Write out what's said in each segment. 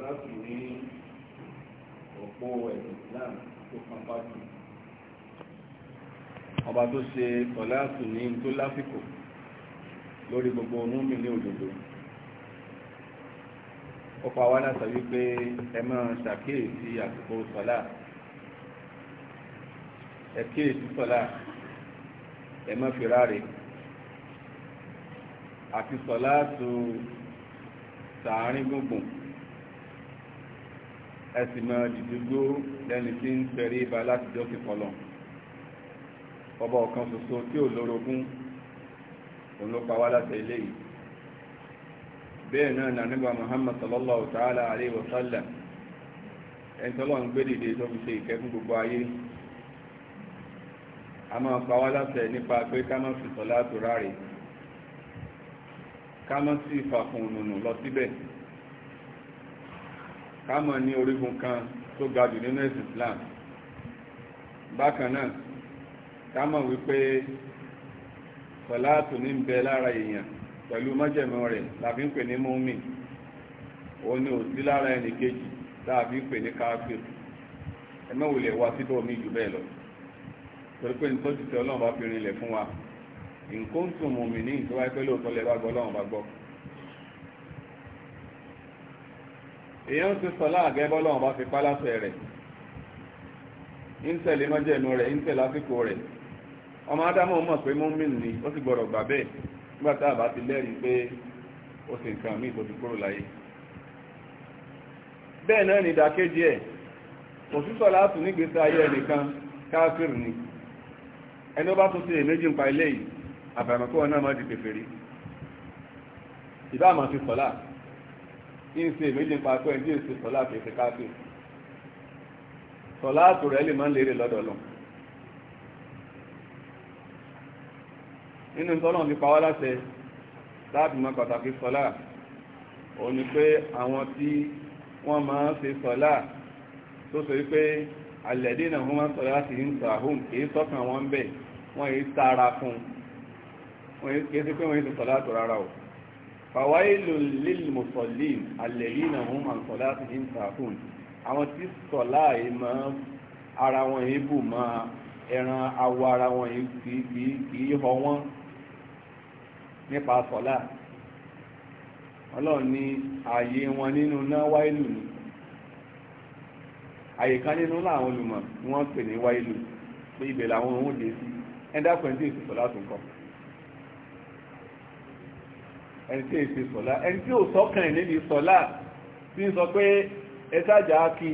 láti ní òpó ẹ̀sìn Islam tó kan pàtó ọba tó ṣe ọ̀láàtù ní tó láfíkò lórí gbogbo múmi ní òdòdó ó pa wá láti wípé ẹ máa ṣàkíyèsí àsìkò sọ́lá ẹ kíyèsí sọ́lá ẹ má fi ráre àti sọ̀láàtù sàárín gbùngbùn ẹ sì mọ dìdúgbò tí ń láti ọba ọ̀kan ṣoṣo tí ò lórogún òun ló pa wá láti yìí. bẹ́ẹ̀ náà nà nígbà Muhammad sallallahu ta'ala alayhi ẹni gbogbo ayé a máa pa wá láṣẹ nípa pé ká má fi sọ̀lá tó ráre ká má sì fàkùn ònùnù lọ síbẹ̀ ká má ní orígun kan tó ga jù nínú ẹ̀sìn Islam bákan náà ká má wípé sọ̀lá tó ní ń bẹ lára èèyàn pẹ̀lú májẹ̀mú rẹ̀ làbí ń pè ní mọ́mí òun ni ò sí lára ẹnì kejì láàbí ń pè ní káfíìsì ẹmẹ́wò wá síbò mí jù bẹ́ẹ̀ lọ torí pé nítorí tí ọlọ́run bá fi rinlẹ̀ fún wa nǹkan ń tún mọ̀mí ní ìtura ẹgbẹ́ lóòótọ́ lẹ́ bá gbọ́ ọlọ́run bá gbọ́. èèyàn ti sọ láàgẹ́ bọ́lọ́run bá fi pa láṣẹ rẹ̀ ń tẹ̀lé májẹ̀mú rẹ̀ ń tẹ̀lé àsìkò rẹ̀ ọmọ ádámọ̀ mọ̀ pé mọ́mí ni ó sì gbọ́dọ̀ gbà bẹ́ẹ̀ nígbà tá a bá ti lẹ́rìí pé ó sì nǹkan míì tó ti kúrò láyé bẹ́ẹ̀ náà ni ìdàkejì ẹ̀ kò sí sọ láàtún nígbèsè ayé ẹnìkan káfíìrì ni ẹni ó bá tún sí èméjì ń pa ilé yìí àbàmọ̀kọ́ wọn náà máa di pèfèrè ìbá àmà fi sọ́lá ń ṣe èméjì ń pa akọ́ ẹni tí ń ṣe sọ́lá kèfè káfí sọ́lá àtò rẹ̀ lè máa ń lérè lọ́dọ̀ lọ nínú tọ́lọ́ ti pa wá láṣẹ láti mọ pàtàkì sọ́lá òun ni pé àwọn tí wọ́n máa ń ṣe sọ́lá tó ṣe wípé alẹ́dínà wọn máa ń sọ̀rọ̀ láti ń sọ àhún kìí sọ́kàn wọn bẹ̀ wọ́n yìí tààrà fún kìí sí pé wọ́n yìí sọ̀rọ̀ látò rárá o fàwáìlù lílmùsọ̀lìn alẹ́dínà wọn máa ń sọ̀rọ̀ láti ń sọ àhún àwọn tí sọ̀lá yìí máa ara wọn yìí àyè kan nínú láwọn olùmọ̀ ni wọ́n pè ní wáìlú pé ibẹ̀ làwọn ohun dé sí ẹ̀dá pẹ̀lú èsì sọ̀lá tó ń kọ́ ẹni tí èsì sọ̀lá ẹni tí ò sọ́kàn níbi sọ̀lá tí ń sọ pé ẹ sájà kí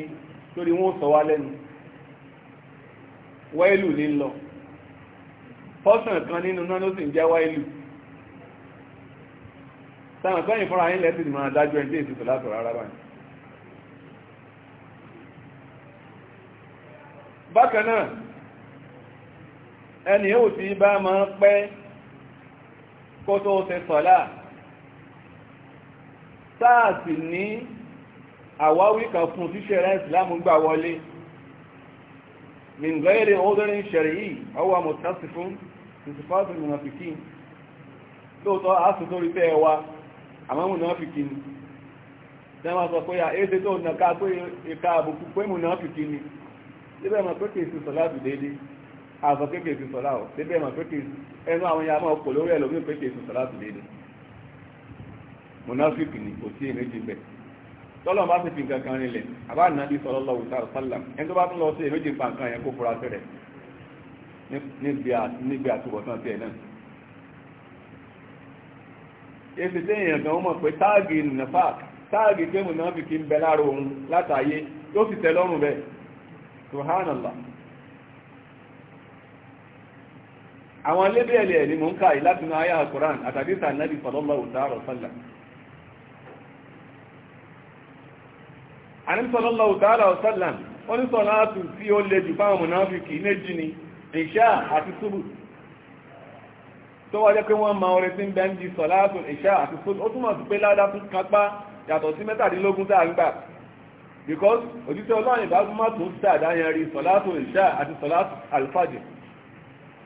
torí wọ́n sọ wá lẹ́nu wáìlú ní lọ pọ́sàn kan nínú náà ló sì ń jẹ́ wáìlú táwọn kan ìfọ́nra yín lẹ́sìn máa dájú ẹni tí èsì sọ̀lá sọ̀rọ̀ rárá báyìí bákan náà ẹni yóò ti bá máa pẹ́ kó tó ṣe sọ̀lá sáàsì ní àwáwí kan fún tíṣẹ́ rẹ̀ ìsìlámù gbà wọlé min gairi ọdọ́rin ṣẹ̀rẹ̀yí ọwà mọ̀tásí fún ìsìfáàtì mùnàfikí lóòtọ́ àásùtò rí pé ẹwà àmọ́ mùnàfikí ni tẹ́wọ́n tó nàká síbẹ̀ mọ̀ pé kìí sí sọlá tù déédé àbọ̀ pé kìí sí sọlá ọ̀ síbẹ̀ mọ̀ pé kìí ẹnu àwọn ya máa pọ̀ lórí ẹ̀ lómi pé kìí sí sọlá tù déédé mọ̀nàfíìkì ni kò sí èméjì bẹ̀ tọ́lọ̀ bá ti fi nǹkan kan rinlẹ̀ àbá nàbí sallallahu ta'ala sallam ẹni tó bá tún lọ sí èméjì pa nǹkan yẹn kó fura fẹ́rẹ̀ níbi àtúbọ̀tán tiẹ̀ náà ebi tẹ́yìn gan mọ̀ pé táàgì nàfà táàgì pé mọ̀nàfíìkì ń bẹ láàrọ̀ òun látàyé tó sì tẹ́ lọ́rùn bẹ́ẹ̀ subhanallah àwọn lébẹ̀ẹ̀lẹ̀ ẹ̀ ni mò ń káyí láti ní ayá al-Qur'an àtàdísà náàbì sallallahu ta'ala sallam àní sallallahu ta'ala sallam ó ní sọ̀rọ̀ láti tí ó lè jù fáwọn mùnáfíkì méjì ni ìṣá àti súbù tó wá jẹ́ pé wọ́n ma orin sí pé ládá because òjíṣẹ́ ọlọ́run ìbá mọ́ tó dáadáa yẹn rí sọ̀látò ìṣá àti sọ̀látò alfajì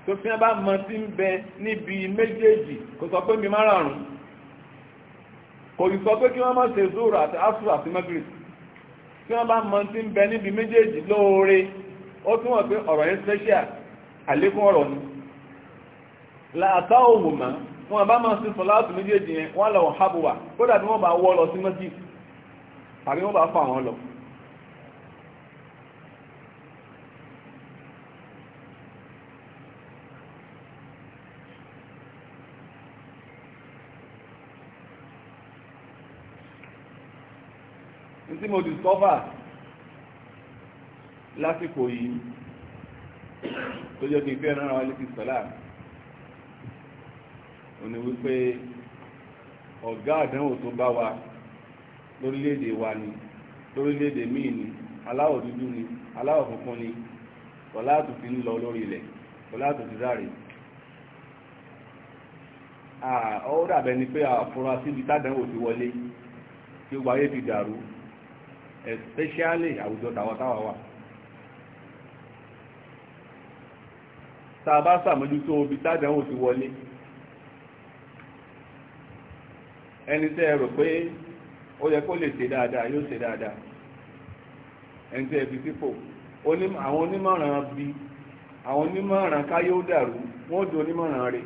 tó fi ẹ bá mọ tí ń bẹ níbi méjèèjì kò sọ pé mi márààrún kò sì sọ pé kí wọ́n má ṣe zoro àti asur àti magreth tí wọ́n bá mọ tí ń bẹ níbi méjèèjì lóore ó tún wọ́n pé ọ̀rọ̀ yẹn special àlékún ọ̀rọ̀ ni làtà òwò mọ́ wọn bá máa ṣe sọ̀látò méjèèjì yẹn wọ́n lọ hábùwà kódà bí wọ́n bá wọ́ lọ sí mọ́sídìí tàbí wọ́n bá fà wọ́n lọ. tí mo discover lásìkò yìí tó jẹ́ kí n fẹ́ rán àwọn ilé sọ́lá ò ní wípé ọ̀gá àdánwò tó bá wa lórílẹ̀-èdè wa ni lórílẹ̀-èdè míì ni aláwọ̀ dúdú ni aláwọ̀ funfun ni ọ̀lá àtúntì ń lọ lórí ilẹ̀ ọ̀lá àtúntì dáre ó dàbẹ̀ ni pé àfúrásí ibi tádánwò ti wọlé tí ó wáyé ti dàrú especially àwùjọ tàwọ̀táwà wà tá a bá ṣàmójútó ibi tádánwò ti wọlé ẹni tẹ́ ẹ rò pé ó yẹ kó lè ṣe dáadáa yóò ṣe dáadáa ẹni tó yẹ fi sípò àwọn onímọ̀ràn bí àwọn onímọ̀ràn káyé ó dàrú wọ́n di onímọ̀ràn rẹ̀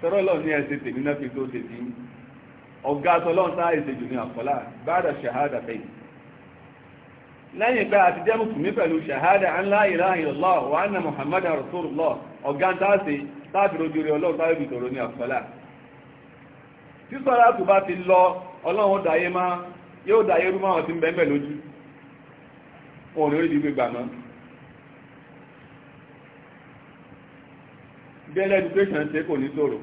tọ́rọ̀lọ́ ní ẹsẹ̀ tèmi náà fi tó ṣe tí ọ̀gá tọ́lọ́n sáà ẹsẹ̀ jù ní àkọ́lá báadà ṣàhádà fẹ́yìn lẹ́yìn pé a ti jẹ́ mùsùlùmí pẹ̀lú ṣàhádà an la ilaha illallah wa anna muhammadan rasulullah ọ̀gá táàsì táàbìrò jùlọ ọlọ́run táàbìrò ní àkọ́lá tí sọ́lá tó bá ti lọ ọlọ́run dàyé má yóò dàyé rú máwọn tí ń bẹ́ẹ̀ lójú wọn ò lórí ibi gbà náà bẹ́ẹ̀lẹ̀ education ṣe kò ní ṣòro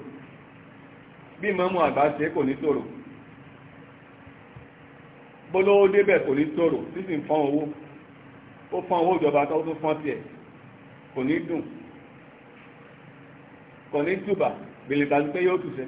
bí mọ́mú àgbà ṣe kò ní ṣòro bólówó débẹ̀ kò ní ṣòro sísì ń fọ́n owó ó fọ́n owó ìjọba tó tún fọ́n tiẹ̀ kò ní dùn kò ní tùbà bèlè tàbí pé yóò tùṣẹ́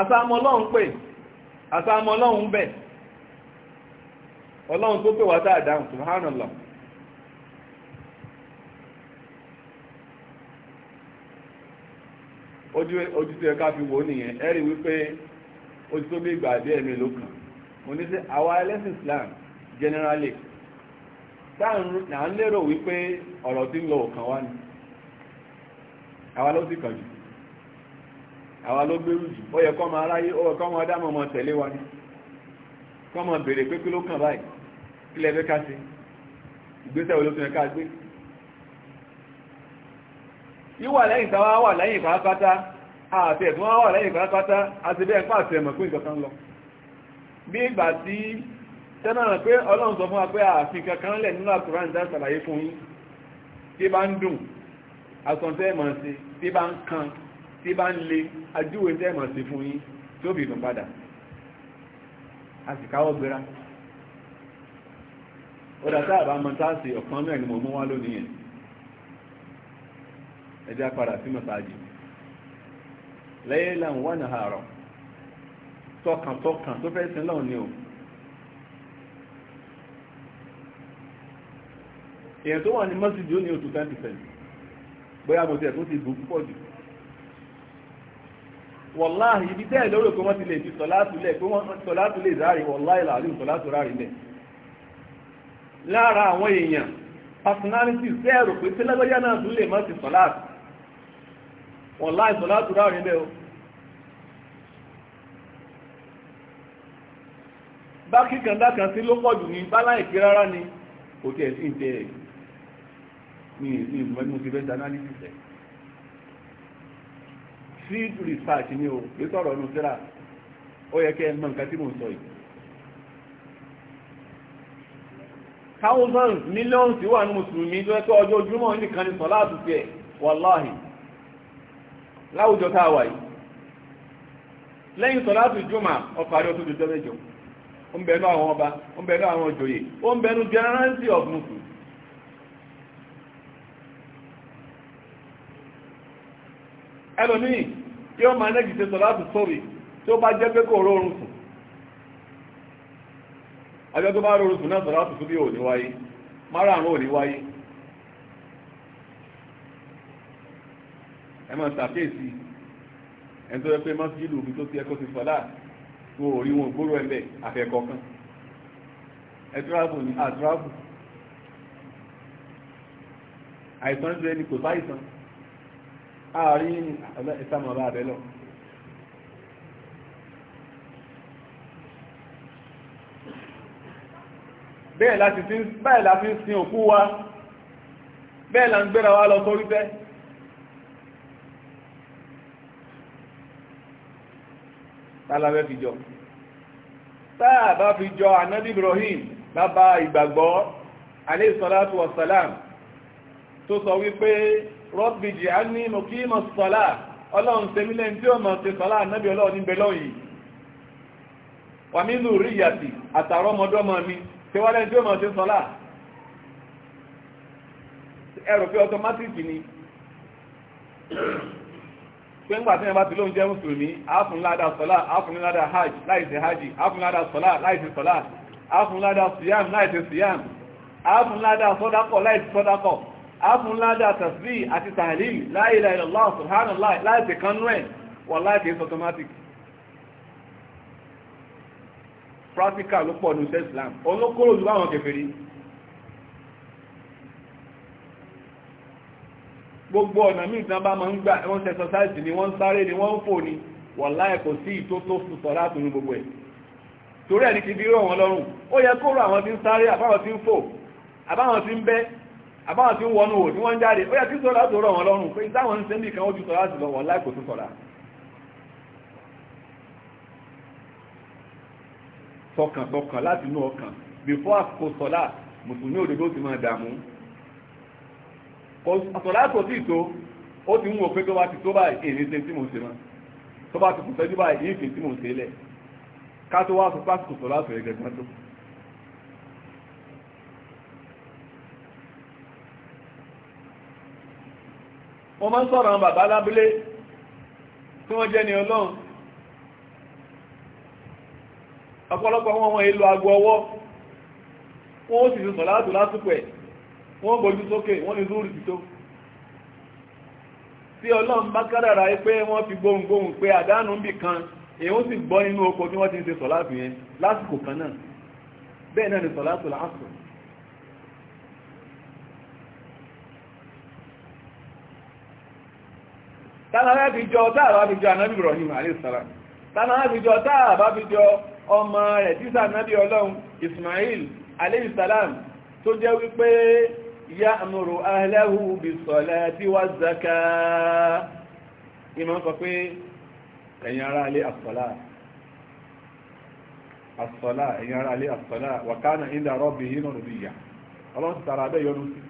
àsáàmọ́ ọlọ́run pè àsáàmọ́ ọlọ́run bẹ̀ ọlọ́run tó pè wá dáadáa subhanallah ojú tí ẹka fi wò nìyẹn ẹ̀rí wípé ojú tó bí ìgbà àbí ẹ̀mí ló kàn mo ní sí àwa ẹlẹ́sìn Islam generally táà ń lérò wípé ọ̀rọ̀ tí ń lọ òkan àwa ló gbérù jù ó yẹ kọ́ máa ráyé ó kọ́ máa dámọ̀ mọ́ tẹ̀lé wa ní kọ́ máa bèèrè pé kí ló kàn báyìí kí lẹ́fẹ́ ká ṣe ìgbésẹ̀ olóṣèlú ká gbé yíwà lẹ́yìn tàwa wà lẹ́yìn pàápátá àti ẹ̀tún wà wà lẹ́yìn pàápátá àti bẹ́ẹ̀ pàṣẹ ẹ̀mọ̀ pé nǹkan kan lọ bí ìgbà tí tẹ́nà pé ọlọ́run sọ fún wa pé ààfin kankan lẹ̀ nínú àkùrán ìdá ṣàlàyé fún yín tí bá ń dùn àsọ̀ntẹ́ ẹ̀mọ̀ sí tí bá ń kan tí bá ń le ajúwe tẹ́mọ̀ sí fún yín tí ó bì dùn padà a sì káwọ́ gbéra ó dá sáà bá mọ táàsì ọ̀kan náà ni mo mú wá lónìí yẹn ẹjẹ́ padà sí mọ̀sáàjì lẹ́yìn làwọn wà ní àárọ̀ tọkàntọkàn tó fẹ́ sin lọ́wọ́ ni o èèyàn tó wà ní mọ́sídìí ó ní oṣù 10% bóyá mo ti ẹ̀ tó ti bù púpọ̀ jù wọ̀láhì ibi tẹ́ẹ̀ lórí òkú wọ́n ti lè fi sọ̀látulẹ̀ pé wọ́n sọ̀látulẹ̀ ìdárí wọ̀láhì làálù sọ̀látùrárì lẹ̀ lára àwọn èèyàn personality sẹ́ẹ̀rò pé tí lágbájá náà tún lè má ti sọ̀látù wọ̀láhì sọ̀látùrárì lẹ̀ o bá kíkan dákan sí ló pọ̀ jù ní bá láì rárá ni kò tiẹ̀ sí ìtẹ̀ ní ìsìn ìmọ̀ ẹni field research ni o lè sọ̀rọ̀ ọ̀nù síra ó yẹ kí ẹ mọ nǹkan tí mò sọ yìí thousands millions wà ní mùsùlùmí tó ẹ́tọ́ ọjọ́ ojúmọ́ nìkan ní sọ láti fi ẹ̀ wàláhì láwùjọ tá a wà yìí lẹ́yìn sọ láti jùmọ̀ ọba ó ń àwọn ó ń generality of muslims ẹlòmíì yóò máa ma sọ̀láàtù sórí tí ó bá jẹ́ pé kò rọrùn sùn ọjọ́ tó bá rọrùn sùn náà sọ̀láàtù sórí ò ní wáyé márààrún ò ní wáyé ẹ máa ṣàkíyèsí ẹni tó yẹ pé mọ́síjìlù omi tó ti ẹkọ́ ti sọ̀lá wọn ò wọn gbóró kan ẹ tíráàbù àárín ìsàmọ̀lá rẹ̀ lọ bẹ́ẹ̀ láti fi báyìí la fi ń sin òkú wa bẹ́ẹ̀ la ń gbéra wa lọ sórí bẹ́ẹ̀ tálàbẹ́ fi jọ táà bá fi jọ ànábì Ibrahim bàbá ìgbàgbọ́ alayhi salatu tó sọ wípé rọ́bì jì á ní mo kí mọ̀ sọ́lá ọlọ́run tèmi lẹ́yìn tí ó mọ̀ ànábì ọlọ́run wà nínú rí ìyàtì àtàrọ ọmọdọ́mọ mi tí wọ́n lẹ́yìn tí ó mọ̀ sí sọ́lá ẹrù pé ọtọmátìkì ni pé ńgbà tí wọ́n bá ti lóun jẹ́ mùsùlùmí áfúnládà áfúnládà hajj láìsí hajj áfúnládà sọ́lá láìsí áfúnládà síyàm láìsí síyàm áfúnládà sọ́dákọ̀ láìsí sọ́dákọ̀ áfúnládà tàfí àti tàhálìlì la ilaha illallah subhanallah kanú ẹ̀ wà láìsí it's automatic practical ló pọ̀ ní ṣe islam olókòrò báwọn gbogbo ọ̀nà míì tí wọ́n bá máa ń gbà wọ́n ni wọ́n sáré ni wọ́n fò ni wà láì kò sí ìtó láti gbogbo ẹ̀ torí ti bí rọ̀ lọ́rùn àbáwọn tí ó wọnú wò tí wọ́n ń jáde ó yẹ kí sọ́lá tó rọ̀ wọn lọ́rùn pé táwọn ń ṣe nìkan ó ju sọ́lá sí lọ wọ́n láìkò tún sọ́lá tọkàntọkàn láti inú ọkàn before àkókò sọ́lá mùsùlùmí òdodo ti máa dààmú sọ́lá tó sì tó ó ti ń wò pé tó bá ti tó báyìí èyí tí mò ń ṣe mọ́ tó bá ti kù sọ́lá tó mo máa ń sọ̀rọ̀ àwọn bàbá lábúlé tí wọ́n jẹ́ ni ọlọ́run ọ̀pọ̀lọpọ̀ wọn wọn èlò agbọ ọwọ́ wọ́n ó sì ti sọ̀rọ̀ látò lásìkò ẹ̀ wọ́n gbójú sókè wọ́n ni lórí ti tó tí ọlọ́run bá kádàrà pé wọ́n fi gbohùngbohùn pé àdánù ń bì kan èyí sì gbọ́ nínú oko tí wọ́n ti ń ṣe sọ̀látù yẹn lásìkò kan náà bẹ́ẹ̀ náà ni sọ̀látù lásìkò tánàrà fi jọ táàbá fi jọ anábì Ibrahim àríṣàlá tánàrà fi jọ táàbá fi jọ ọmọ rẹ̀ tísà nábì ọlọ́run Ismail aléìsàlám tó jẹ́ wípé ya'muru ahlahu bis-salati waz-zaka ìmọ̀ sọ pé ẹ̀yin ará alé àsọ̀lá àsọ̀lá ẹ̀yin ará alé àsọ̀lá wa kana inda rabbihi nabiyya ọlọ́run ti tara abẹ́ yọnu sí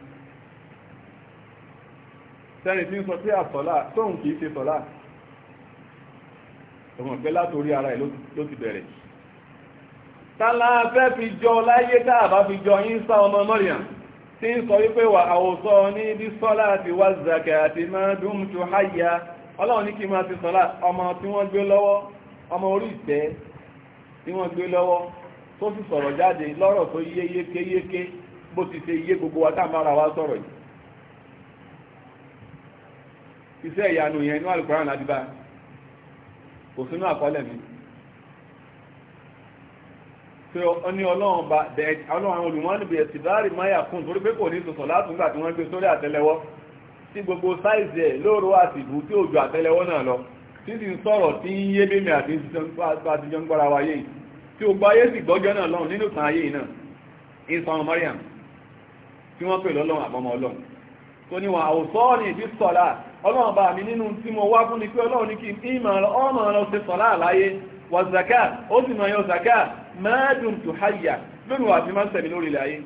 sẹ́ni tí ń sọ sí àsọ́lá tóun kìí ṣe sọ́lá ọmọ ìpẹ́ látorí ara ẹ̀ ló ti bẹ̀rẹ̀ tálá fẹ́ fi jọ láyé tá a bá fi jọ yín sá ọmọ mọ́ríyàn tí ń sọ wípé wà àwòsọ ní bí sọ́lá àti wá zàkẹ́ àti máa dùn tó háyà ọlọ́run ní kí máa ti sọ́lá ọmọ tí wọ́n gbé lọ́wọ́ ọmọ orí ìtẹ́ tí wọ́n gbé lọ́wọ́ tó sì sọ̀rọ̀ jáde lọ́rọ̀ tó yé yékéyéké bó ti ṣe yé gbogbo wa tá máa ra wa sọ̀rọ̀ yìí iṣẹ́ ìyanu yẹn ní alùpùpù láti bá kò sínú àkọọ́lẹ̀ mi pé ọ ní ọlọ́run bá bẹ́ẹ̀ ọlọ́run àwọn olùmọ́ọ́nì bẹ̀rẹ̀ sí báàrí máyà kún torí pé kò ní sọ̀sọ̀ láti nígbà tí wọ́n gbé sórí àtẹ́lẹwọ́ tí gbogbo sáìsì ẹ̀ lóòrò àti ìbú tí òjò àtẹ́lẹwọ́ náà lọ tí sì ń sọ̀rọ̀ tí ń yé bèmí àti àtijọ́ ń gbára wáyé tí ó gbáyé sì gbọ́jọ́ náà lọ́run nínú kan ayé náà ìsọ̀rọ̀ Mariam tí wọ́n pè lọ́lọ́run àbọ̀mọ́ ọlọ́run tó ní wọn àwòsọ́ọ̀nì ìdí sọ̀lá ọlọ́run bá mi nínú tí mo wá fún ni pé ọlọ́run ní kí ìmọ̀ ọmọ ọ̀rọ̀ ṣe sọ̀lá àláyé wà zaka ó sì mọ̀ yọ zaka mẹ́ẹ̀dùn tó háyà lónìí wà fi máa ń sẹ̀mí lórí ilẹ̀ ayé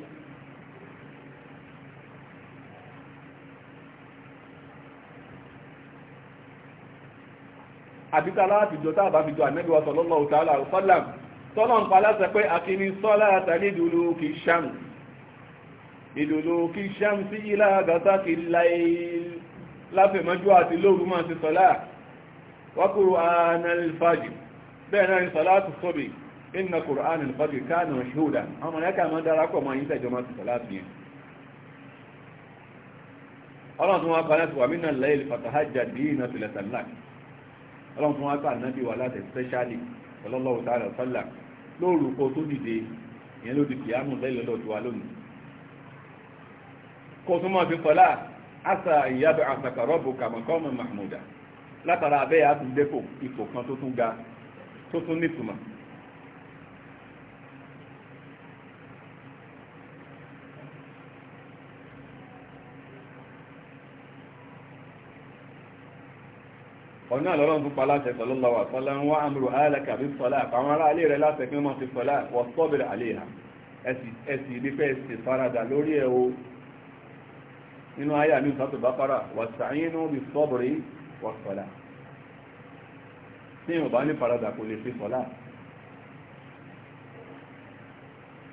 àbíká láti jọ tá àbá fi jọ ànẹ́bí wa sallallahu ta'ala alaihi wasallam tọ́lọ́n pa láti pé akíní sọ́lá àtàlẹ́ ìdúró kì í ṣàmù ìdúró kì í ṣàmù sí ilá àgàtà kì í láìlì láfẹ̀mọ́jú àti lóòrù máa ṣe sọ́lá wákòrò àánàlfàjì bẹ́ẹ̀ náà ni sọ́lá tó sọ́bì inna Qur'an al-fajr kana mashhuda àwọn mọ̀lẹ́kà máa dára pọ̀ máa yí tẹ̀jọ máa ṣe sọ́lá bí ọlọ́run tún wá pa láti wà mí náà lẹ́yìn fatahajjad bí iná tilẹ̀ sàlá ọlọ́run tún wá pa nábì wà láti spẹ́ṣálì sallallahu fi sọ́lá asa ìyàbẹ̀ àsàkàrọ̀bù kàmọ̀kọ́mù mahmuda látara abẹ́ àtúndépò ipò kan tó tún ga tó tún nítumọ̀ ọ̀nà àlọ́rọ̀ tún pa láti sallallahu alaihi wasallam ń wá àmúrò alaka bis salat àwọn ará alẹ́ rẹ̀ láti pín mọ́ ti sọ́lá wọ́n sọ́bìrì alaiha ẹ̀sì ilé fẹ́ ṣe farada lórí ẹ̀ o nínú ayé àmì ìsọ́tò bá fara wàtàínú bí sọ́bùrí wàsọ́lá tí ìwọ̀n bá ní faradà kò lè fi sọ́lá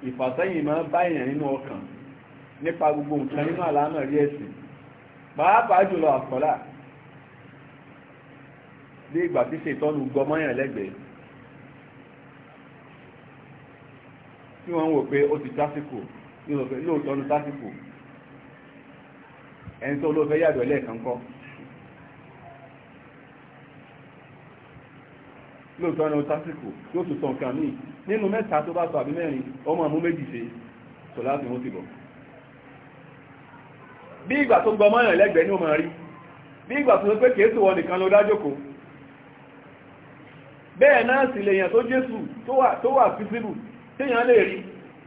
ìfàsẹ́yìn máa bá èèyàn nínú ọkàn nípa gbogbo nǹkan nínú àlànà rí ẹ̀sìn pàápàá jùlọ àsọ́lá bí ìgbà tí ṣètọ́nù gọmọ́yàn lẹ́gbẹ̀ẹ́ tí wọ́n ń wò pé ó ti tásìkò lóòótọ́ ní tásìkò ẹni tó ló fẹ́ yàgbẹ́ lẹ́ẹ̀kan kọ́ lóòótọ́ ẹni tásìkò yóò tún sọ nǹkan míì nínú mẹ́ta tó bá sọ àbí mẹ́rin ọmọ àmú méjì ṣe sọ láti wọ́n ti bọ̀ bí ìgbà tó gbọmọ yàn lẹ́gbẹ̀ẹ́ ní ó máa rí bí ìgbà tó pé kìí tó wọ nìkan ló dájókòó bẹ́ẹ̀ náà sì lèyàn tó jésù tó wà físíbù téèyàn lè rí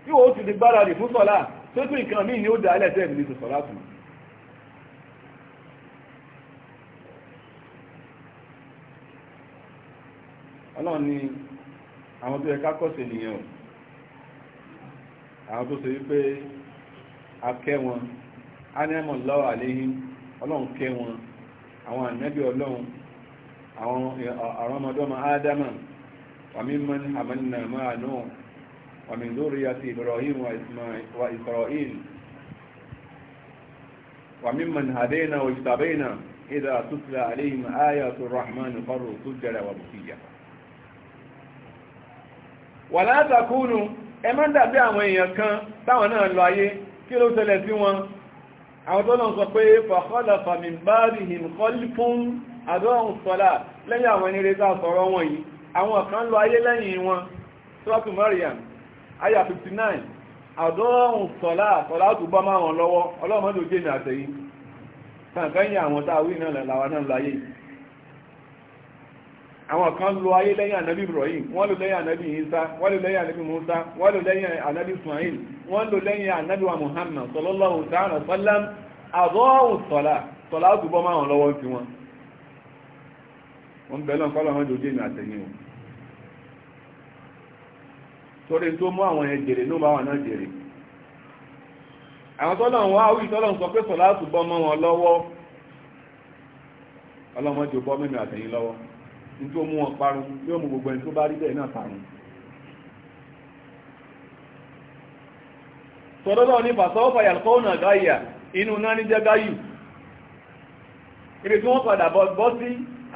tí ti di gbáradì fún sọ́lá tó tún nǹkan míì ni ó dá ẹlẹ́sẹ̀ ìbìlì sọ́lá fún un ọlọ́run ni àwọn tó yẹ ká àwọn tó a kẹ́ wọn a lọ́wọ́ àléhìn ọlọ́run kẹ́ wọn àwọn ànábì ọlọ́run àwọn ọmọdọ́mọ ádámà wàmí mọ́ni àmàlìnà máa náà wàmí àti Ibrahim wa Israel wàmí mọ́ni àdéhìnà òṣìṣàbẹ́hìnà ìdá àtúntà àléhìn ayàtò rahman kọrù tó jẹrẹ wà látàkúnù ẹ má dàbí àwọn èèyàn kan táwọn náà lọ ayé kí ló ṣẹlẹ̀ sí wọn àwọn tó náà sọ pé fàkọ́lọ̀fà min ba'dihim khalfun àdọ́rùn sọ́lá lẹ́yìn àwọn ẹni rẹ̀ sọ̀rọ̀ wọn yìí àwọn kan lọ ayé lẹ́yìn wọn sọ́tù Maryam aya 59 àdọ́rùn sọ́lá sọ́lá tó bá máa wọn àwọn kan lo ayé lẹ́yìn ànábì Ibrahim wọ́n lo lẹ́yìn ànábì Isa wọ́n lo lẹ́yìn ànábì Musa wọ́n lo lẹ́yìn ànábì Ismail wọ́n lo lẹ́yìn ànábì wa Muhammad sallallahu ta'ala sallam àbọ̀wò sọ̀lá ó máa wọn lọ́wọ́ wọn. wọn ní tó mú wọn parun yóò mú gbogbo ẹni tó bá rí bẹ́ẹ̀ náà parun sọ̀rọ̀lọ́ ní fàṣọ́fà yàlkọ́nà gáyà inú náà ní jẹ́ gáyù ibi tí wọ́n padà bọ́ sí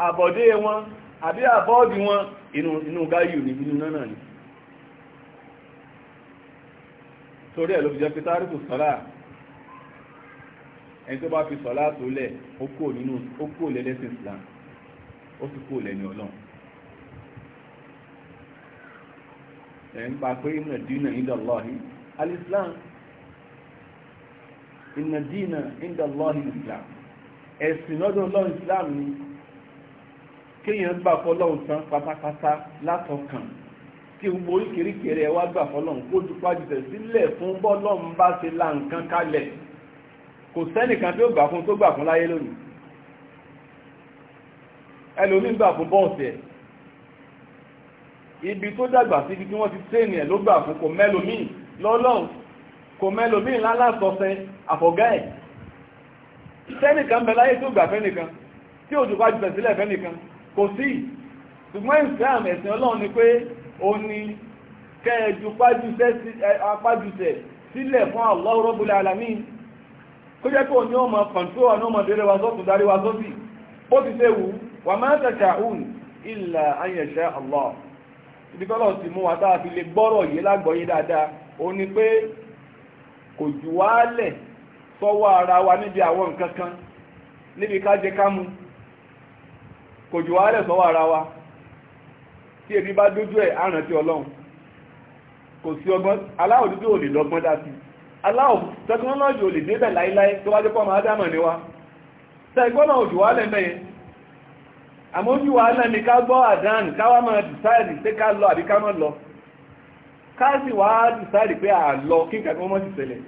àbọ̀dé wọn àbí àbọ́ọ̀dì wọn inú gáyù ní inú náà ni torí ẹ̀ ló fi jẹ́ pé tárùkù sọ́lá ẹni tó bá fi sọ́lá tó lẹ̀ ó kò lẹ́lẹ́sìn Islam ó ti kó lẹ́ni ọlọ́run ẹ̀ ń pa pé iná dínà ìdàlọ́hì alìsílám iná dínà islam ẹ̀sìn lọ́dọ̀ ọlọ́run islam ni kéèyàn gbà fọlọ́run tán pátápátá látọkàn kí gbogbo oríkèéríkèé rẹ̀ wá gbà fọlọ́run kó dupá jùlọ sílẹ̀ fún bọ́lọ́run bá ṣe la nǹkan kalẹ̀ kò sẹ́nìkan tí gbà fún tó gbà fún láyé ẹlòmí gbà fún bọ́ọ̀sì ẹ̀ ibi tó dàgbà sí ibi tí wọ́n ti tẹ́ẹ̀nì ẹ̀ ló gbà fún kò mẹ́lòmí lọ́lọ́run kò mẹ́lòmí ńláńlá sọ́sẹ́ àfọ̀gá ẹ̀ sẹ́nìkan bẹ láyé tó gbà fẹ́nìkan tí òjò bá jùlọ sílẹ̀ fẹ́nìkan kò sí ṣùgbọ́n Islam ẹ̀sìn Ọlọ́run ni pé ó ní kẹ́ẹ̀jù apájùsẹ̀ sílẹ̀ fún Allah Rabbul Alamin kó jẹ́ kó ní ọmọ kọ̀ǹtúrò ní ọmọ ìdílé sọ́tún darí wa sọ́sì ti ṣe wù ú wà má tasha'un illa an yasha Allah ibi tọ́lọ̀ ti mú wa tá a fi lè gbọ́rọ̀ yìí lágbọ́yé dáadáa ó ní pé kò jù wá lẹ̀ sọ́wọ́ ara wa níbi àwọn nǹkan kan níbi ká jẹ ká mu kò jù wá lẹ̀ sọ́wọ́ ara wa tí ebi bá dójú ẹ̀ àrántí ọlọ́run kò sí ọgbọ́n aláwọ̀ dúdú ò lè lọ́gbọ́n dá sí aláwọ̀ tẹkinọ́lọ́jì ò lè débẹ̀ láíláí tó wájú pọ́ máa dámọ̀ ni wa tẹ́ ìgbọ́nà òjò wálẹ̀ mẹ́yẹn àmójú wàhálà ní ká gbọ́ àdán káwà máa dìsáàdì pé ká lọ àbí ká mọ́ lọ káàsì wà á dìsáàdì pé à kí nǹkan kan mọ́ sí ṣẹlẹ̀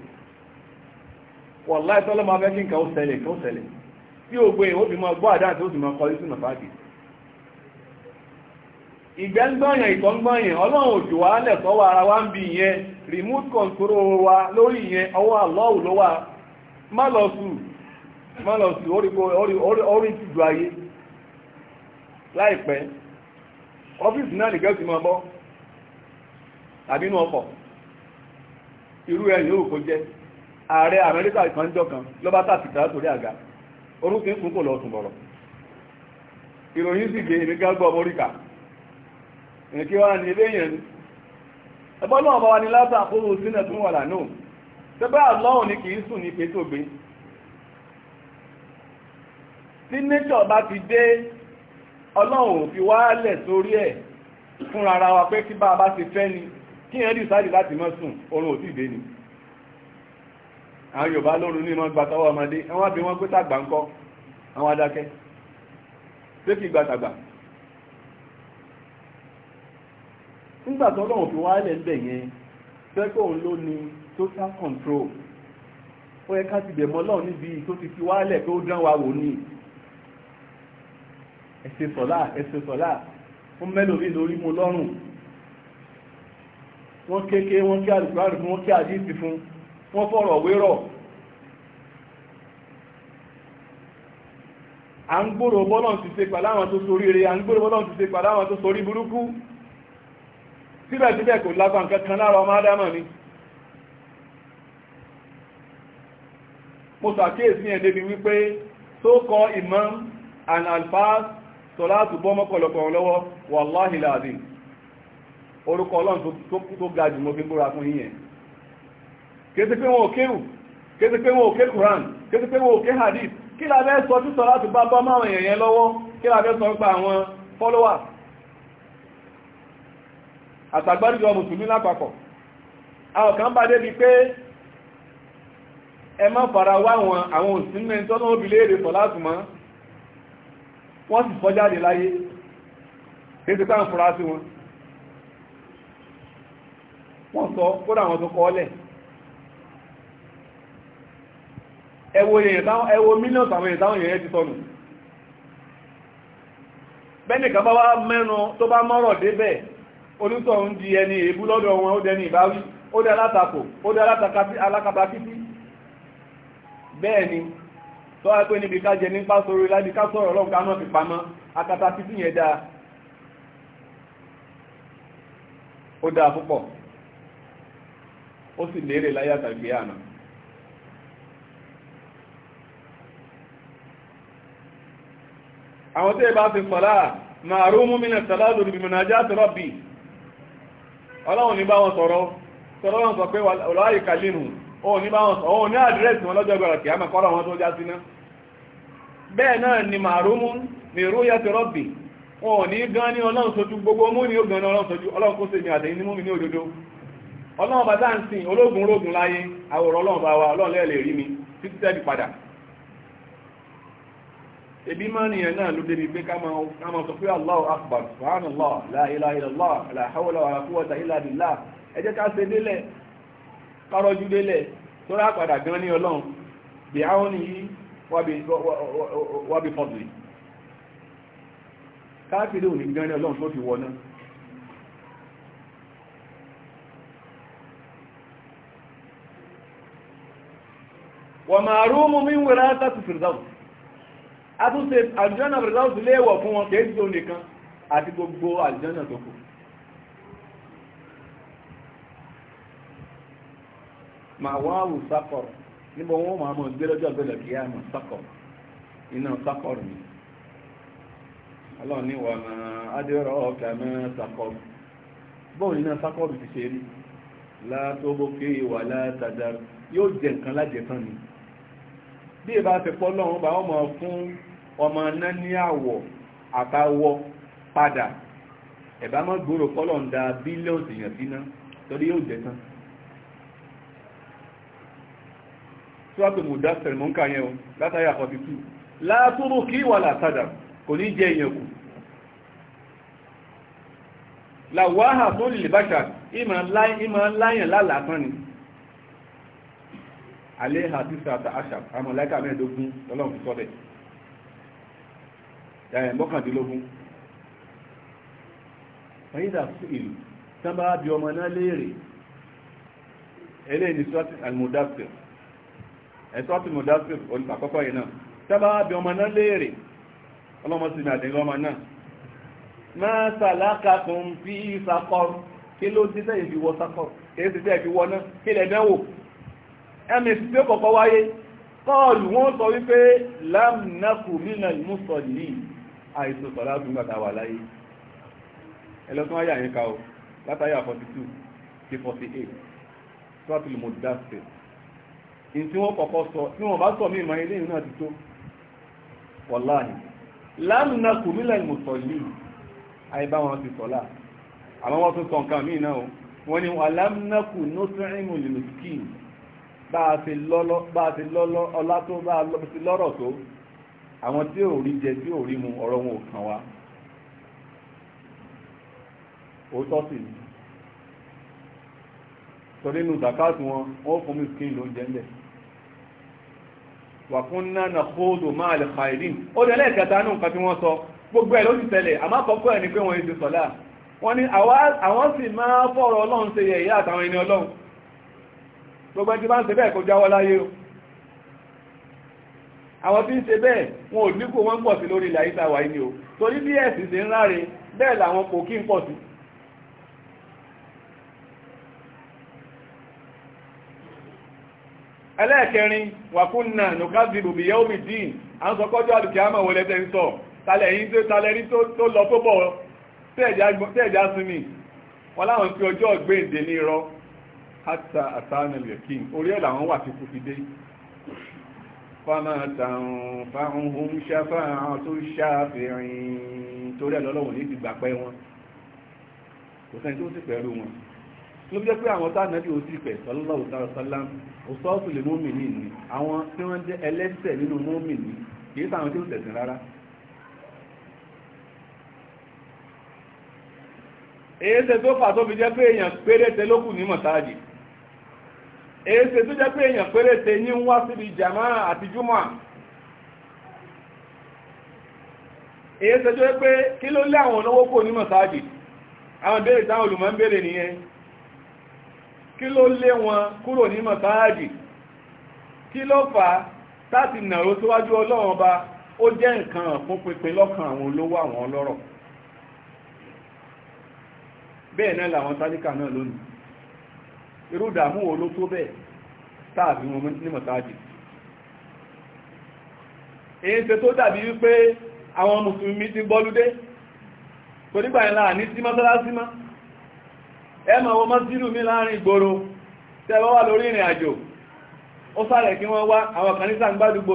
wàláì tọ́lọ́ máa fẹ́ kí nǹkan ó ṣẹlẹ̀ kó ṣẹlẹ̀ tí ògbó èèyàn ó fi máa gbọ́ àdán tó sì máa kọrí sínú fàájì ìgbẹ́ ń wa lẹ̀ sọ́wọ́ ara wa ń bi ìyẹn remote control wa lórí ìyẹn láìpẹ́ ọ́fíìsì náà nìkan ti máa bọ́ tàbí inú ọkọ̀ irú ẹ̀yìn òkò jẹ́ ààrẹ amẹ́ríkà ìpánjọ́ kan lọ́bá tàbíkà torí àga orúkún fún kò lọ́ọ̀tún bọ̀rọ̀ ìròyìn sì gé èmi gágbọ́ amẹ́ríkà ẹ̀kí ní ilé ni náà bá wa ní látà ni kì í sùn gbé tí nature ba ti dé ọlọ́run fi wálẹ̀ sórí ẹ̀ fúnra ara wa pé kí bá a bá ti fẹ́ ni kí ẹ̀ dìsáàdì láti mọ́ sùn oorun ò tí ìdé ni àwọn yorùbá lóru ní ìmọ̀ gbàtọ́wọ́ ọmọdé wọ́n bí wọ́n pé tàgbà ń kọ́ àwọn adákẹ́ pé kí gbàtàgbà nígbà tó ọlọ́run fi wálẹ̀ ń bẹ̀ yẹn pé kó òun ló ní total control ó yẹ ká ti bẹ̀ mọ́ ọlọ́run níbi tó ti fi wálẹ̀ pé ó dán wa wò ní ẹ̀sẹ̀ sọ̀lá ẹ̀sẹ̀ sọ̀lá fún mẹ́lòmí lórí mo lọ́rùn wọ́n kéèké wọ́n kí àlùkùránì fún wọ́n kí àdíìsì fún wọ́n fọ̀rọ̀ wérọ̀ à ń gbòrò bọ́lọ̀ ti ṣe pàdá àwọn tó sorí rẹ̀ à ń gbòrò bọ́lọ̀ ti ṣe pàdá àwọn tó sorí burúkú síbẹ̀síbẹ̀ kò lágbà nǹkan kan lára ọmọ ádámọ̀ ni mo ṣàkíyèsí ẹ̀ débi wípé so called imam and alfas sọláàtù bọ́ mọ́kànlọ́kọ̀ lọ́wọ́ wàláhì láàdì orúkọ ọlọ́run tó ga jù mọ́ fi búra fún yíyẹn kéde pé wọn ò kéwù kéde pé wọn ò ké Quran kéde pé wọn ò ké hadith kí la fẹ́ sọ tí sọláàtù bá bọ́ máwọn èèyàn yẹn lọ́wọ́ kí la fẹ́ sọ nípa àwọn followers àtàgbáríjọ mùsùlùmí lápapọ̀ àwọn kan bá débi pé ẹ má fara wá àwọn òsínmẹ́ntọ́nà obìnrin èrè sọ̀láàtù mọ́ wọ́n sì fọ́ jáde láyé kéèsì pé àwọn fúra sí wọn wọ́n sọ kódà wọn tó kọ́ọ́lẹ̀ ẹwọ mílíọ̀nù àwọn èèyàn táwọn èèyàn ti sọnù bẹ́nìkan bá wá mẹ́nu tó bá mọ́rọ̀ débẹ̀ onítọ̀ ń di ẹni èébú lọ́dọ̀ wọn ó dẹni ìbáwí ó dẹ alátakò ó dẹ alátakàtí bẹ́ẹ̀ ni tó wá pé níbi ká jẹ nípa sórí láti ká sọ̀rọ̀ ọlọ́run ká náà fi pamọ́ akata títí yẹn dáa ó dáa púpọ̀ ó sì lérè láyé àtàgbé àná àwọn tí ẹ bá fi sọ̀lá máa rú mú mínà sọ̀lá lórí bí mọ̀nà ajá tọrọ bí ọlọ́run ní bá wọn sọ̀rọ̀ sọ̀rọ̀ wọn sọ pé wàláyé òun ní bá wọn sọ òun ní àdírẹ́sì wọn lọ́jọ́ gbọ́rọ̀ kìí àmẹ́kọ́rọ̀ wọn tó já síná bẹ́ẹ̀ náà ni màrúmú ni rúyẹ́ ti rọ́bì wọn ò ní gan ní ọlọ́run sojú gbogbo mú ní ogun ọlọ́run sojú ọlọ́run kó sí mi àtẹ̀yìn ní mú mi ní òdodo ọlọ́run bá dá ń sìn ológun rógun láyé àwòrán ọlọ́run bá wa ọlọ́run lẹ́ẹ̀ lè rí mi títí tẹ́bi padà ebi máa nìyẹn náà ló débi pé ká máa sọ pé Allahu akbar subhanallah la ilaha illallah la hawla wa la quwwata illa billah ẹ jẹ́ ká ṣe délẹ̀ kárọ́jú délẹ̀ tó rà padà gan ní ọlọ́run bí àwọn ní wábí fọ́dùlì káàkiri òní gan ní ọlọ́run tó fi wọná wọ̀n máa rúmú mí wèrè átàtù fìrìdáwù a tún ṣe àjọ́nà fìrìdáwù lè wọ̀ fún wọn kèé sí tó nìkan àti gbogbo àjọ́nà tó kù màá wá wù níbo wọn máa mọ̀ gbé lọ́jọ́ kí á mọ̀ sákọ̀rọ̀ iná sákọ̀rọ̀ ni ọlọ́ọ̀ni wà na adéró ọ̀kà máa sákọ̀rọ̀ bọ́ọ̀ iná sákọ̀rọ̀ ti ṣe rí látọ́bókè wà látàdàrú yóò jẹ nǹkan lájẹ̀tán ni bí ìbá ti pọ́ lọ́run bá ọmọ fún ọmọ náà àwọ̀ àbáwọ padà ẹ̀bá mọ́ gbòòrò pọ́lọ̀ ń da bílíọ̀nù èèyàn síná torí yóò jẹ tán sọ́tò mùdásẹ̀ mọ́ ń kà yẹn o látàyà 42 látúrù kí wà látàdà kò ní jẹ èèyàn kù làwáhà tó lè báṣà ìmọ̀ láyàn lálàtán ni aléhà tí sàtà àṣà àmọ̀ láìka mẹ́ẹ̀dógún lọ́lọ́run fi sọ́bẹ̀ ẹ̀yìn mọ́kàndínlógún fàyídà sí ìlú tán bá bí ọmọ náà ẹ̀sọ́ ti mọ̀dásíf olùkàkọ́kọ́ yìí náà tẹ́bá bí ọmọ náà léèrè ọlọ́mọsí ní àdínlọ́ ọmọ náà máa sàlákàkùn fi sàkọrù kí ló dé sẹ́yìn fi wọ sàkọrù èyí sì sẹ́yìn fi wọ náà kí lẹ̀ dẹ́wò ẹ̀mí sì pé kọ̀kọ́ wáyé kọ́ọ̀lù wọ́n sọ wípé lámùnákù mínà ìmúsọ̀lì àìsàn sọ̀lá tún gbàtà wà láyé ẹlọ́tún ayà yẹn ká o látàyà 42 sí 48 sọ́tùlù mọ̀dásíf ní tí wọ́n kọ́kọ́ sọ tí wọ́n bá sọ mí ìmọ̀ ilé ìrìnà ti tó wọ̀láàrí láàmìnà kò mílẹ̀ ìmùsọ̀ yìí àìbá wọn ti sọ̀lá àmọ́ wọ́n tún sọ nǹkan míì náà wọ́n ni wàlámìnà kò nọ́sẹ̀rìmù lèmùsìkì bá a ti lọ́lọ́ ọlá tó bá a ti lọ́rọ̀ tó àwọn tí ò rí jẹ tí ò rí mu ọ̀rọ̀ wọn ò kàn wá òótọ́ sì ni torí inú zakat wọn wọ́n fún mi skin ló ń jẹ́ ń bẹ̀ wàkúnná na kóòdù máa lè fa ìdí ó dẹ̀ lẹ́ẹ̀kẹta ní nǹkan tí wọ́n sọ gbogbo ẹ̀ ló ti tẹ̀lẹ̀ àmọ́ àkọ́kọ́ ẹ̀ ni pé wọ́n ti sọ̀lá wọ́n ní àwọn sì máa fọ̀rọ̀ ọlọ́run ṣe yẹ̀yẹ́ àtàwọn ẹni ọlọ́run gbogbo ẹni tí bá ń ṣe bẹ́ẹ̀ kó jáwọ́ láyé o àwọn tí ń ṣe bẹ́ẹ̀ wọn ò dínkù wọn pọ̀ sí lórí ilẹ̀ àyíká wáyé ni o torí bí ẹ̀sìn ṣe ń ráre bẹ́ẹ̀ làwọn kò kí ń pọ̀ sí ẹlẹ́ẹ̀kẹrin wàkúnnà nùkázìbù bí yẹ́wò mi dín à ń sọ kọjọ́ àlùkìyàmọ̀ wọlé tẹ́ ń sọ talẹ̀ yìí tó talẹ̀ rí tó lọ tó bọ̀ tẹ́ẹ̀dá sinmi wọn láwọn tí ọjọ́ gbéǹde ní irọ́ hata àtàánà lẹ́kìn orí ẹ̀ làwọn wà tí kò fi dé fámátàn fáhùn ṣáfà tó ṣàfihàn torí ẹ̀ lọ́lọ́wọ̀ ló jẹ́ pé àwọn tánàbí ò sí pẹ̀ sallallahu ta'ala sallam òsọ́ọ̀sù lè mọ́mì ní ìní àwọn tí wọ́n jẹ́ ẹlẹ́sẹ̀ nínú mọ́mì ní kìí sáwọn tí ó tẹ̀sìn rárá èése tó fà tó fi jẹ́ pé èèyàn péréte ló kù ní mọ̀táàjì èése tó jẹ́ pé èèyàn péréte ní ń wá síbi jàmá àti júmọ̀ èése tó jẹ́ pé kí ló lé àwọn olówó kù ní mọ̀táàjì àwọn béèrè táwọn olùmọ̀ ń béèrè nìyẹn kí ló lé wọn kúrò ní mọ̀sáàjì kí ló fà á láti nàró síwájú ọlọ́run ọba ó jẹ́ nǹkan fún pinpin lọ́kàn àwọn olówó àwọn ọlọ́rọ̀ bẹ́ẹ̀ náà làwọn tálíkà náà lónìí irú ìdààmú wo ló tó bẹ́ẹ̀ tàbí wọn ní mọ̀sáàjì èyí ṣe tó dàbí wípé àwọn mùsùlùmí ti gbọ́lúdé kò nígbà yẹn láà ní sí ẹ ma wọ mọ́sílù mi láàrin ìgboro tẹ́lọ wà lórí ìrìn àjò ó sáré kí wọ́n wá àwọn kanisa ń gbádùgbò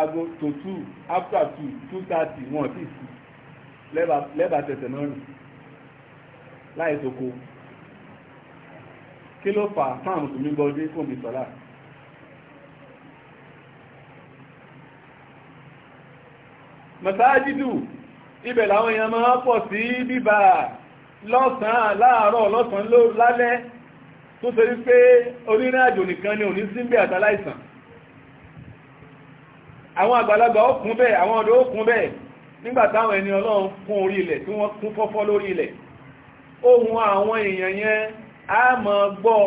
àgò tó 2 after 2 2:30 wọn tí sí lẹ́bà tẹ̀tẹ̀ náà rìn láì sóko kí ló fà fáà mùsùlùmí gbọ́dé fún mi sọ́lá masájídù ibẹ̀ làwọn èèyàn máa pọ̀ sí bíbà lọ́sàn-án láàárọ̀ lọ́sàn ló lálẹ́ tó ṣe rí pé onírìn àjò nìkan ni òní síbẹ̀ àtàláìsàn àwọn àgbàlagbà ó kún bẹ́ẹ̀ àwọn ọ̀dọ́ ó kún bẹ́ẹ̀ nígbà táwọn ẹni ọlọ́run kún orí ilẹ̀ tí wọ́n kún fọ́fọ́ lórí ilẹ̀ ohun àwọn èèyàn yẹn a mọ̀ gbọ́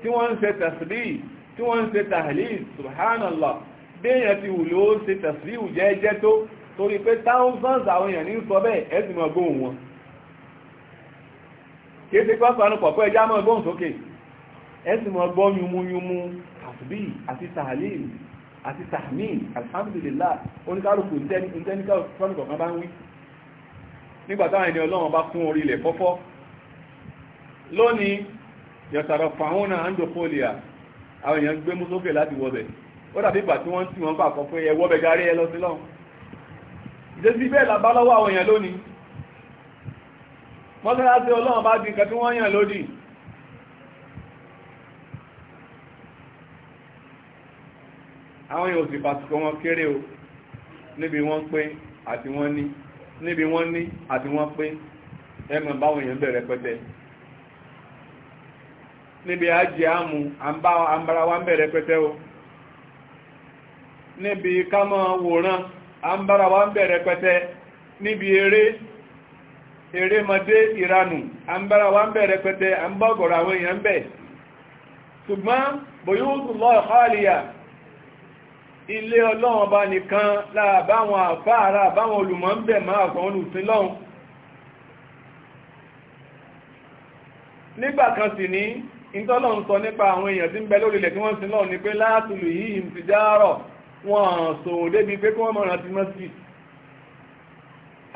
tí wọ́n ń ṣe tàṣírí tí wọ́n ń ṣe tàhálí subhanallah béèyàn ti wù ló ṣe tàṣírí jẹ́ẹ́jẹ́ tó torí pé thousands àwọn èèyàn ní sọ bẹ́ẹ̀ ẹ̀sìn mọ̀ gbóhùn wọn kìí ṣe pọ́pọ́nù pọ̀pọ́ ẹja mọ́ ẹgbọ́n sókè ẹ̀sìn mọ́ gbọ́ yumunyumu àtúbí àti sàálìm àti sàmìn alhamdulillah oníkálùkù ìtẹ́níkàlù pọ́nù kọ̀ọ̀kan bá ń wí nígbà táwọn ẹni ọlọ́run bá kún orí ilẹ̀ fọ́fọ́ lónìí yọ̀tàrọ̀ fàáhùn náà ń jòkóòlìyà àwọn èèyàn gbé mú sókè láti wọ́bẹ̀ ó dàbí ìgbà tí wọ́n tí wọ́n pàkọ́ pé ẹwọ́bẹ̀ garí ẹ lọ sí lọ́hùn ìdésí bẹ́ẹ̀ làbá lọ́wọ́ àwọn èèyàn lónìí dị ọlọ́run bá di nǹkan tí wọ́n yàn lódì àwọn yóò sì pàtàkì wọn kéré o níbi wọ́n pé àti wọ́n ní níbi wọ́n ní àti níbi ajé àmú àmbára wa o níbi kámọ́ wòrán àmbára wa ń níbi eré erémọdé ìranù à ń bára wa ń bẹ̀ rẹpẹtẹ à ń bá ọ̀gọ̀rọ̀ àwọn èèyàn ń bẹ̀ ṣùgbọ́n bòyúùtù lọ́ọ̀ xaaliya ilé ọlọ́run ọba nìkan láàbáwọn àfáàrà àbáwọn olùmọ̀ ń bẹ̀ máa kàn ọ́nù sí lọ́hùn nígbà ni pé látùlù yìí ń ti dárọ̀ wọn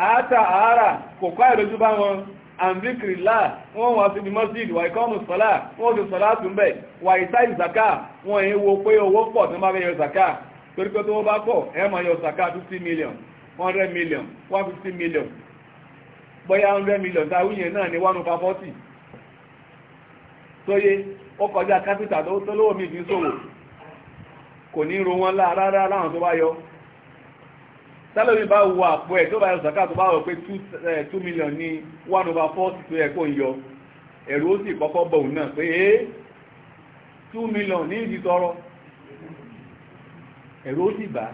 àátà àárà kò kọ́ ìrójú bá wọn àǹdíkìrìlá wọ́n wà sí dimọ́sílì wà ìkọ́nù sọ́lá wọ́n ti sọ́lá tún bẹ̀ wà ìta wo pé owó pọ̀ tó máa fẹ́ yọ ìzàká torí tó bá million 100 million 150 million bóyá 100 million tá wíyẹn náà ní 140 tóyé ó kọjá kápítà tó lówó mi fi ń ṣòwò kò ní ro wọn láà rárá láwọn tó bá tálọ́bí bá wo àpò ẹ̀ tó bá yọ sàkà tó bá wọ̀ pé two eh, million ní one over forty tó yẹ kó ń yọ ẹ̀rù ó sì kọ́kọ́ bọ̀ òun náà pé ee two million ní ìdí tọrọ ẹ̀rù ó sì bá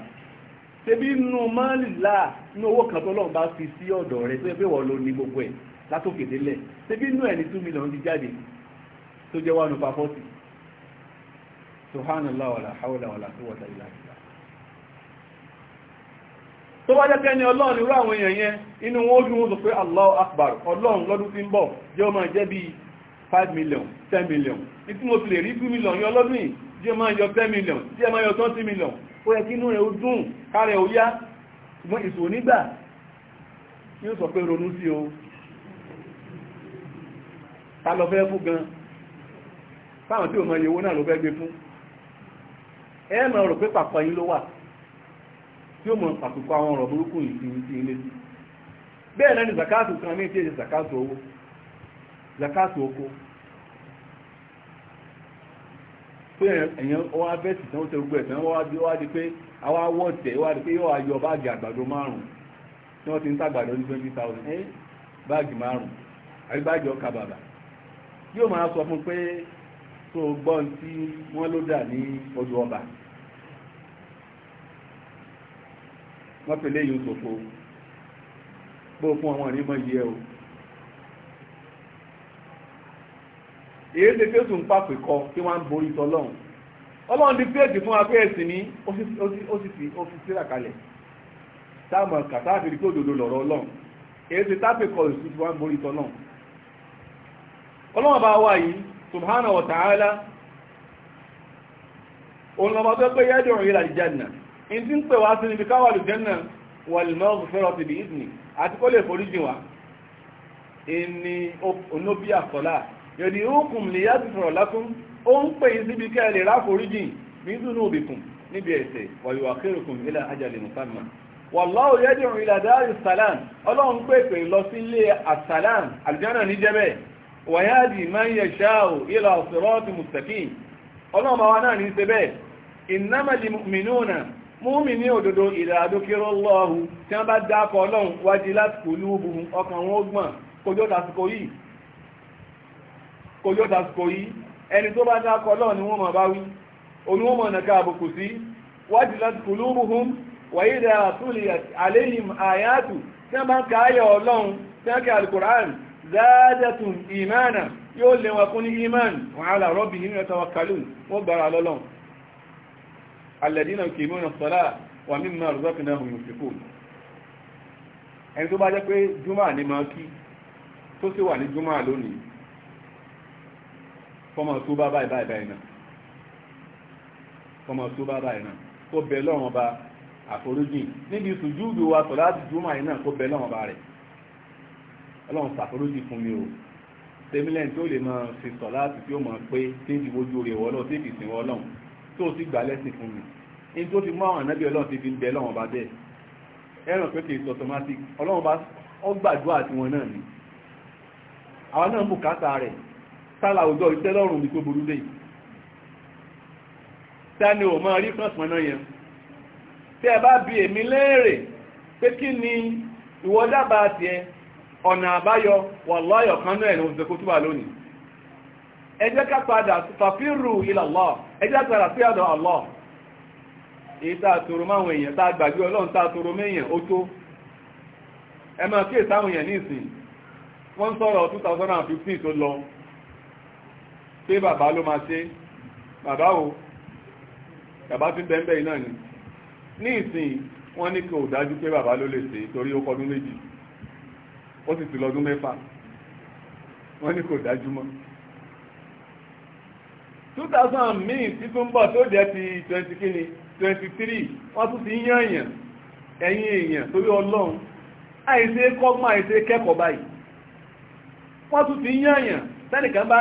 ṣebí nù máàlì láà ní owó kan tó lọ́n bá fi sí ọ̀dọ̀ rẹ̀ tó yẹ pé wọ́n lo ní gbogbo ẹ̀ látòkè délẹ̀ ṣebí nù ẹ̀ ní two million ti jáde tó jẹ́ one over forty subhanallah wàlà hawla wàlà tó wọ́ta ìlànà tó bá jẹ́ ní ọlọ́run irú àwọn èèyàn yẹn inú wọn ó dùn wọn sọ pé Allahu Akbar ọlọ́run lọ́dún tí ń bọ̀ jẹ́ ó máa jẹ́ bí 5 million 10 million ní tí mo ti lè rí 2 million yọ lọ́dún yìí jẹ́ máa yọ 10 million jẹ́ máa yọ 20 million ó yẹ kí inú rẹ̀ ó dùn kárẹ̀ ó yá ṣùgbọ́n ìṣòro nígbà yóò sọ pé ronú sí o ta lọ fẹ́ fún gan fáwọn tí ò mọ iye owó náà ló fẹ́ gbé fún ẹ rò pé pàpọ̀ yín ló wà tí ó mọ̀ àtùkọ àwọn ọ̀rọ̀ burúkú yìí ti ti ilé sí bẹ́ẹ̀ náà ni zakatu kan ní ìṣe zakatu owó zakatu oko pé ẹ̀yàn wọ́n á bẹ́ẹ̀sì tán ó tẹ gbogbo ẹ̀sán wọ́n á di pé àwọn awọ́tẹ̀ wọ́n á di pé yóò ayọ báàgì àgbàdo márùn-ún tí wọ́n ti ń tàgbàdo ní twenty thousand ẹ́ báàgì márùn-ún àbí báàgì ọkà bàbà yóò máa sọ fún pé tó gbọ́n tí wọ́n ló dà ní ọdún ọba wọ́n fi léyìn òṣòfò bó fún ọmọ ìrìnmọ̀ yìí ẹ o èyí ṣe fẹ́sùn ń pàpè kọ tí wọ́n ń borí tọlọ́run ọlọ́run ti fẹ́ẹ̀sì fún wa pé ẹ̀sìn ní ó sì fi ó fi síra kalẹ̀ táàmù kàtàkiri tó dòdò lọ̀rọ̀ ọlọ́run èyí ṣe tápè kọ ìṣú tí wọ́n ń borí tọlọ́run ọlọ́run bá wà yìí subhanahu wa ta'ala òun lọ́mọ tó pé yẹ́dùn ìrìn àlìjáde náà in ti ń pè wá sí níbi káwàlù jẹ́nà wàlùmọ́ọ̀gù fẹ́rọ̀ ti bí ìdìní àti kó lè foríjì wá ẹni onóbí àkọlá yòdì òkùn lè yá ti sọ̀rọ̀ lákún ó ń pè síbi kẹ́ lè rá foríjì ní dùnú òbìkùn níbi ẹ̀sẹ̀ wàyò àkérùkùn ilẹ̀ ajalẹ̀ musamman wàláwò yẹ́dùn ilẹ̀ dáàrí salam ọlọ́run múmi ní òdòdó ìdàdókéró lọ́ọ̀hù tí wọ́n bá dákọ̀ ọlọ́run wájí láti ọkàn wọn ó kójó yìí ẹni tó bá dákọ̀ ọlọ́run ni wọ́n mọ̀ bá wí olúwọ́n mọ̀ àbùkù sí wájí láti kò lúùbù hùn wàyí dà àtúlì àyàtù tí wọ́n bá ń káyọ̀ ọlọ́run tí wọ́n alẹ́dínà kìmọ́nà sọ́lá wà mímọ̀ rọ́pìnà òyìnfìkò ẹni tó bá jẹ́ pé júmà ní máa kí tó sì wà ní júmà lónìí fọmọ tó bá báyìí báyìí náà fọmọ tó bá báyìí ba àforíjìn níbi sùjúdù wa sọ̀lá júmà yìí náà kó bẹ lọ́wọ́n ba rẹ̀ ọlọ́run ṣàforíjìn fún mi o tẹ́mílẹ̀ tó lè máa fi sọ̀lá àti tí ó máa pé tí ìdíwójú rẹ̀ wọ́lọ́ tí ìfìsìn wọ́lọ́run tó sì gbà lẹ́sìn fún mi in tó fi mọ́ àwọn ànábì ọlọ́run ti fi ń bẹ lọ́wọ́n bá bẹ́ẹ̀ ẹ̀rọ pé kì í sọ automatic ọlọ́run bá ọ gbàdúrà tiwọn náà ni àwọn náà mú kàtà rẹ̀ sálà òjò ìtẹ́lọ́rùn ní tó burú dé tani ò máa rí pọ̀npọ̀n náà yẹn tí ẹ bá bi èmi léèrè pé kí ni ìwọ dábàá tiẹ̀ ọ̀nà àbáyọ wàláyọ̀ kan náà ẹ̀nà òṣèkó túbà lónìí ẹ jẹ́ ká padà fàfírù ila Allah ẹjẹ́ àtàrà sí ọ̀dọ̀ Allah èyí tá a tòrò máwọn èèyàn tá a gbàgbé ọlọ́run tá a tòrò méèyàn ó tó ẹ máa kí èsà àwọn èèyàn ní ìsìn wọ́n ń sọ̀rọ̀ 2015 tó lọ pé bàbá ló máa ṣe bàbá o bàbá tún bẹ́ẹ̀ iná ni ní ìsìn wọ́n ní kò dájú pé bàbá ló lè ṣe torí ó kọdún méjì ó sì ti lọ́dún mẹ́fà wọ́n ní kò dájú mọ́ 2000 míì tí tún bọ̀ tó jẹ́ ti 20 23 wọ́n tún ti yán èèyàn ẹ̀yìn èèyàn torí ọlọ́run àìsí kọ́gbọ́n àìsí kẹ́kọ̀ọ́ báyìí wọ́n tún ti yán èèyàn tẹ́nìkan bá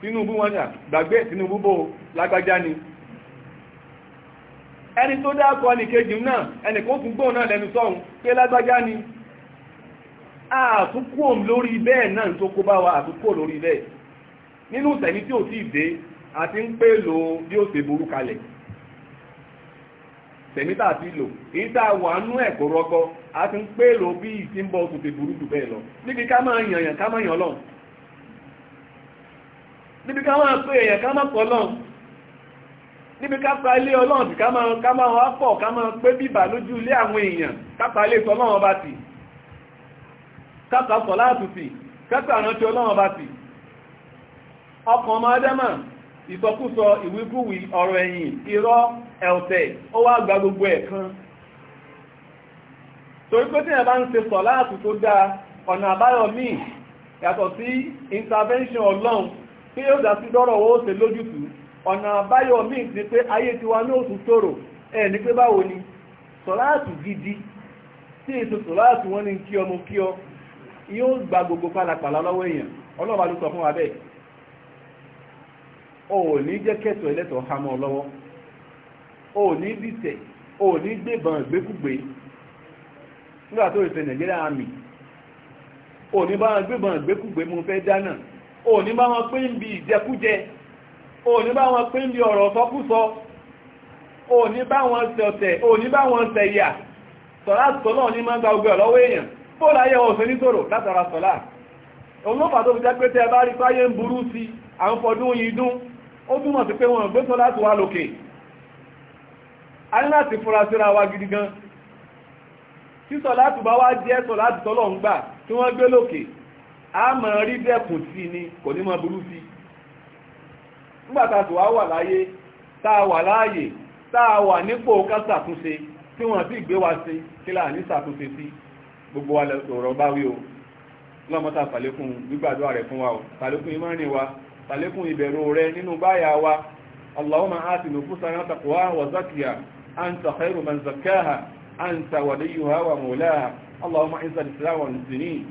Tinubu wọn yà gbàgbé Tinubu bò lágbájá ni ẹni tó dákọ nìkejì náà ẹnì kan tún gbóhùn náà lẹ́nu sọ́hun pé lágbájá ni lórí bẹ́ẹ̀ náà tó nínú ìsẹ̀mí tí ò tí ì dé àti ń pè lò bí ó ṣe burú kalẹ̀ tẹ̀mí tá a ti lò èyí tá a wà nú ẹ̀ kó rọgbọ a ti ń pè lò bí ìsí ń bọ̀ oṣù tó burú jù bẹ́ẹ̀ lọ níbi ká máa yàn yàn ká máa yàn lọ níbi ká máa pè èèyàn ká máa pọ̀ lọ níbi ká pa ilé ọlọ́run tì ká máa ká wá pọ̀ ká máa pé bíbà lójú ilé àwọn èèyàn ká pa ilé ìtọ́lọ́run ọba tì ká pa sọ̀ láàtúntì ká pa àrántí ọlọ́run ọba tì ọkàn ọmọ adẹ́mà ìsọkúsọ ìwíkúwí ọ̀rọ̀ ẹ̀yìn irọ́ ẹ̀ọ̀tẹ̀ ó wá gba gbogbo ẹ̀ kan torí pé tí ẹ̀ bá ń ṣe sọ láàtù tó dáa ọ̀nà àbáyọ míì yàtọ̀ sí intervention ọlọ́run tí yóò dá sí dọ́rọ̀ owó ṣe lójútù ọ̀nà àbáyọ míì ti pé ayé tiwa ní òsùn tòrò ẹ̀ ní pé báwo ni sọ̀láàtù gidi tí èso sọ̀láàtù wọn ni kí ọmọ kí ọ yóò gba gbogbo pálapàla lọ́wọ́ èèyàn ọlọ́run bá fún wa bẹ́ẹ̀ o ò ní jẹ́ kẹ́tọ̀ ẹlẹ́tọ̀ há mọ́ ọ lọ́wọ́ o ò ní dìtẹ̀ o ò ní gbébọn ìgbékùgbé nígbà tó ìfẹ́ nàìjíríà àmì o ò ní bá wọn gbébọn ìgbékùgbé mo fẹ́ dáná o ò ní bá wọn pín bí ìjẹkújẹ o ò ní bá wọn pín bí ọ̀rọ̀ sọkúsọ o ní bá wọn ṣọ̀tẹ̀ o ní bá wọn ṣẹ̀yà sọ̀rá sọ̀lá ní máa ń gba ogun ọ̀lọ́wọ́ èèyàn fóòlù ayé ọ̀sẹ̀ nítorò látara sọ̀lá òun ló fà fi jẹ́ pé tẹ́ bá rí fáyé ń burú sí à fọdún yìí dún ó túnmọ̀ sí pé wọn gbé sọ láti wá lókè a ní láti fúnra síra wa gidi gan tí sọ láti bá wá jẹ́ sọ láti tọ́lọ̀ ń gbà tí wọ́n gbé lókè a mọ̀ rí dẹ́kùn sí ni kò ní mọ̀ burú sí nígbàtà tó wá wà láyé tá a wà láàyè tá a wà nípò ká ṣàtúnṣe tí wọ́n sì gbé wa ṣe kí láà ní ṣàtúnṣe sí gbogbo wa lọ́rọ̀ bá wí o lọ́mọ́ta fàlékún gbígbàdúrà rẹ̀ fún wa o fàlékún imá rìn wa tàlékún ìbẹ̀rù rẹ nínú báyà wa allahumma ati nufusana taqwaha wa zakiya anta khairu man zakkaha anta waliyuha wa mawlaha اللهم اعز الإسلام والمسلمين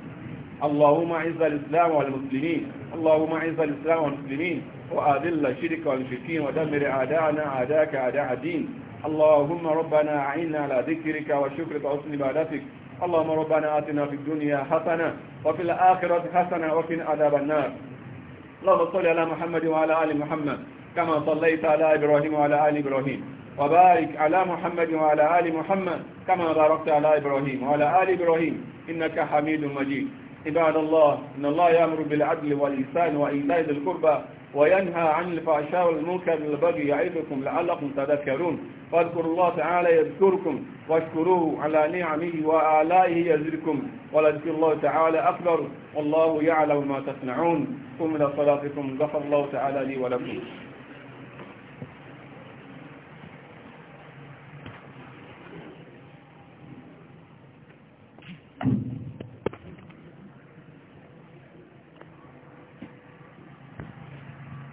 اللهم اعز الإسلام والمسلمين اللهم اعز الإسلام والمسلمين وأذل الشرك والمشركين ودمر أعداءنا أعداءك أعداء الدين اللهم ربنا أعنا على ذكرك وشكرك وحسن عبادتك اللهم ربنا آتنا في الدنيا حسنة وفي الآخرة حسنة وقنا عذاب النار اللهم صل على محمد وعلى آل محمد كما صليت على إبراهيم وعلى آل إبراهيم وبارك على محمد وعلى آل محمد كما باركت على إبراهيم وعلى آل إبراهيم إنك حميد مجيد عباد الله إن الله يأمر بالعدل والإحسان وإيتاء ذي القربى وينهى عن الفحشاء والمنكر والبغي يعظكم لعلكم تذكرون فاذكروا الله تعالى يذكركم واشكروه على نعمه وآلائه يزدكم ولذكر الله تعالى أكبر والله يعلم ما تصنعون قم إلى صلاتكم غفر الله تعالى لي ولكم